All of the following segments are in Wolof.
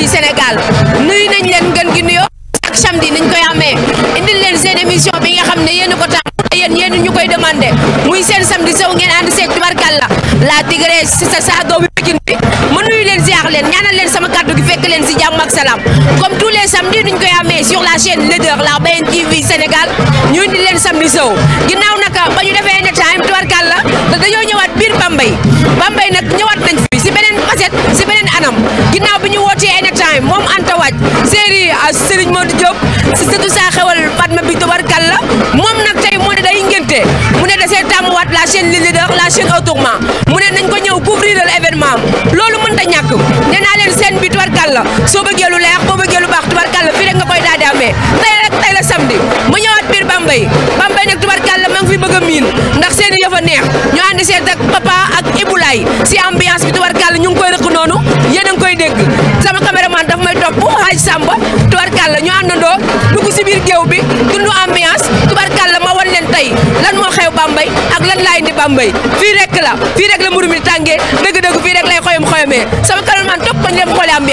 du Sénégal nuyu nañ leen ngeen gi nuyoo ak samedi niñ koy amee indil leen seen émission bi nga xam ne yéen ko tàmm yéen yéen ñu koy demandé muy seen samedi sow ngeen ànd seeg tubarkalla la Tigresse si sa saa doomu Pikine bi ma nuyu leen ziar leen ñaanal leen sama kàddu gi fekk leen si jàmm ak salaam comme tous les samedis duñ koy amee sur la chaîne leader la BN Sénégal ñu indi leen samedi sow ginnaaw naka ba ñu defee ne time tuwarkal la te dañoo ñëwaat biir Bambey Bambey nag ñëwaat nañ fi si beneen facette si beneen anam ginnaaw bi ñu wootee anytime moom Anta Waaj série euh, Serigne Modou Diop si sëtu saa xewal Fatma bi tuwarkal ci mu ne dessé see la chaîne leader la chaîne au mu ne nañ ko ñew couvrir l'événement lolu mën ta ñak nee naa leen seen bi tuarkal la soo bëggee lu leex boo bëggé lu baax tuarkal la rek nga koy tay rek tay la samedi mu ñëwaat bir bambay bambay nak tuarkal la ngi fi bëgg a ndax seen yëf neex ñu andi ak papa ak iboulay si ambiance bi tuarkal ñu ngi koy rek nonu yeen koy dégg sama cameraman daf may top oh, Haji Samba tuarkal la ñu andando dugg ci bir géew bi dundu ambiance Bambey ak lan laa indi Bambey fii rek la fii rek la mburu mi dëgg-dëgg fii rek lay xoyom xoyomee sama kanam man topp ko ñu dem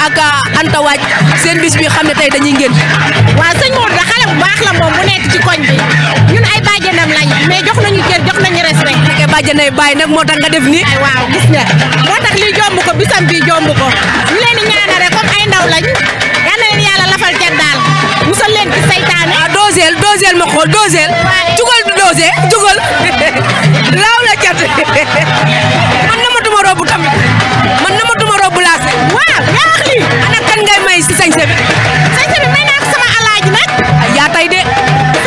ak euh, Anta Waaj seen bis bi xam ne tey dañuy ngénte. waaw sëñ Modou da xale bu baax la moom bu nekk ci koñ bi ñun ay bàjjenam lañ mais jox nañu cër jox nañu respect. bu fekkee bàjjen ay bàyyi moo tax nga jomb ko bisam bii jomb ko ñu leen di ñaanale comme ay ndaw lañ yàlla lafal cat daal musal leen ci saytaane. ah doseel doseel ma xool doseel. waaye jugal dose jugal laaw la cat man na ma duma robu tamit man na ma duma robu laas. waaw. sëñ bi may naa ko sama alaaji nag. yaa tay de.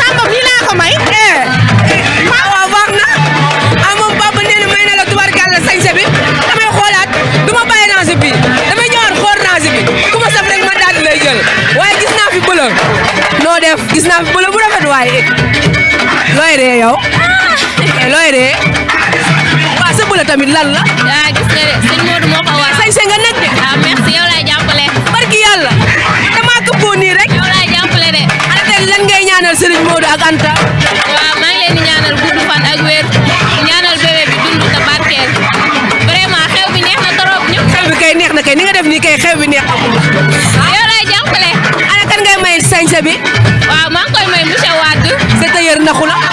Samba mi laa ko may. waaw eh. waaw baax na ah moom papa nee na may na la tubarkalla sëñ bi xoolaat du ma bàyyi range damay ñëwaat xool range bi ku ma saf rek ma daal di waaye gis naa fi bële noo def gis naa fi bële bu rafet waaye looy ree yow ah. looy ree waaw sa tamit lan la. waaw ah, gis nekk de. Ah, Serigne Modou ak Anta. waaw maa leen ñaanal gudd fan ak wér ñaanal bébé bi dund te barkeel vraiment xew bi neex na trop ñëpp. xew bi kay neex na kay ni nga def nii kay xew bi neex na. yow lay jàppale. ana kan ngay may sañse bi. waaw maa koy may monsieur Wade. sa tailleur naxu la.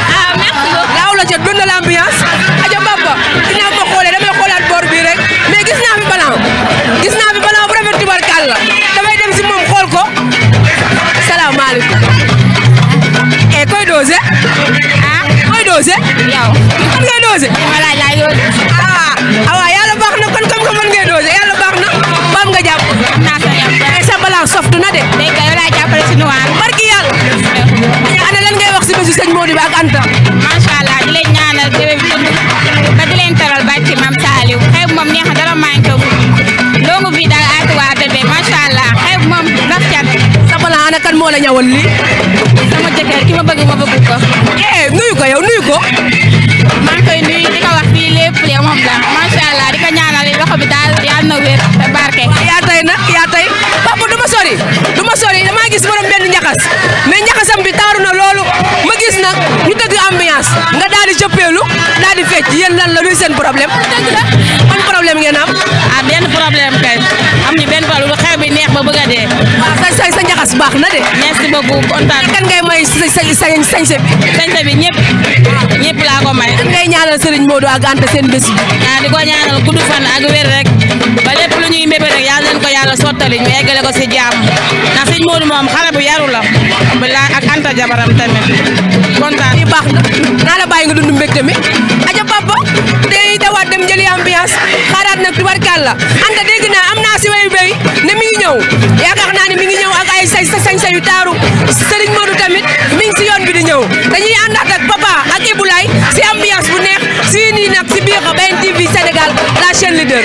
jëppelu daal di fecc yeen lan la luy seen problème ban problème ngeen am a ah, ben problème kay am ni ben problème xew bi neex ba bëgga dé ah, sa sa sa njaxas bax na de merci beaucoup kontaan kan ngay may sa sa sa sa sa sa bi ñëpp ñëpp la ko may kan ngay ñaanal Serigne Modou ak ante seen bëss bi ah di ko ñaanal gudd fan ak wër rek ba lepp lu ñuy mébé rek yaal leen ko yaalla sotali ñu égalé ko ci jàmm na Serigne Modou mom xale bu yaru la sa jabaram tamit kontaan. lii baax na naa la bàyyi nga dund mbégte mi aja papa day dawaat dem jëli ambiance xaaraat nag tubarkàlla anta dégg naa am naa si wayu béy ne mi ngi ñëw yaakaar naa ne mi ngi ñëw ak ay say sa sañ taaru Serigne Modou tamit mi si yoon bi di ñëw dañuy àndaat ak papa ak Ibou si ambiance bu neex si nii nag si biir BNTV Sénégal la chaîne leader.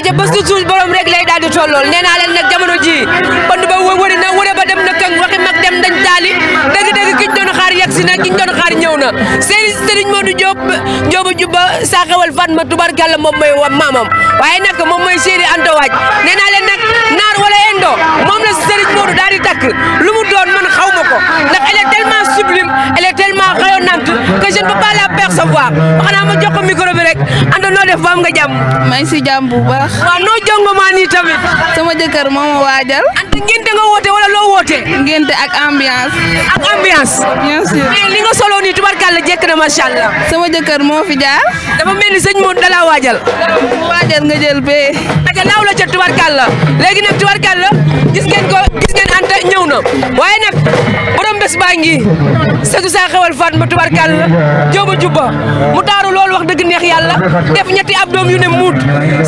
aja bés du suul borom rek lay daal di tollool nee naa leen nag jamono ji pënd ba wëri na wëre ba dem na këng waxi mag dem dañ taali dëgg-dëgg kiñ doon xaar yegg na kiñ doon xaar ñëw na sëriñ sëriñ Modou Diop Diop Juba saa xewal fan ma tubarkàlla moom mooy maamam waaye nag moom mooy Sëriñ Anta nee naa leen nag naar Pendo moom Serigne Modou daal Tak, lu mu doon man xaw ko ndax elle est tellement sublime elle est tellement rayonnante que je ne peux pas la percevoir xanaa ma jox ko micro bi rek ando no def ba am nga jàmm. Ma ngi si jàmm bu baax. Wa no jàngoo maa tamit. sama jëkkër moo wadjal. ngénte nga wote wala lo wote ngénte ak ambiance. ak ambiance. bien sûr mais li nga solo nii tubarkàlla jek na machallah sama jeuker mo fi jaar. dama melni señ mo dala wadjal wadjal nga jël be aja law la ca legui nak nag tubarkàlla gis ngeen ko gis ngeen ante ñewna waye nak borom bes baa ngi setu saa xewal faat ma tubarkàlla jobu jubba mu taaru lol wax deug neex yalla def ñetti abdom yu ne muut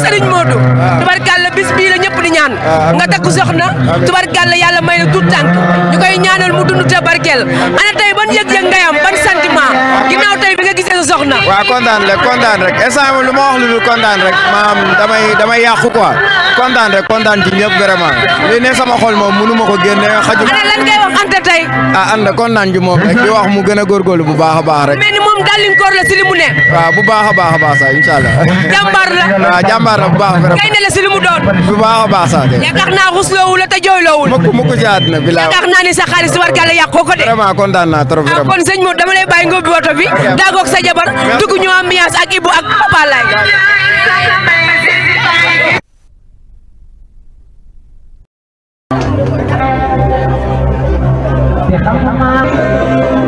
sëriñ Modou tubarkàlla bis bi la ñepp di ñaan nga takku soxna tubarkalla yàlla may na tout tànk ñu koy ñaanal mu dund te barkeel ana tey ban yëg-yëg nga am ban sentiment ginnaaw tey bi nga gisee sa soxna. waaw kontaan rek kontaan rek instant lu ma lu dul kontaan rek maam damay damay yàqu quoi. kontaan rek kontaan ci ñëpp vraiment ne sama xol moom mënu ko xaju lan ngay wax ah Anta kontaan ci moom rek di wax mu gën a bu baax baax rek mel ni moom gàllinkoor la si li ne waaw ah, bu baax baax a baax sax incha la waaw ah, jàmbaar la bu baax vraiment ngay ne la doon bu baax de la ni sa war kala yàqoo ko de vraiment kontaan naa trop ah, vraiment kon sëñ moom dama lay bàyyi nga ubbi woto bi daagoog sa jabar ñu ambiance ak ak Papa Việt Nam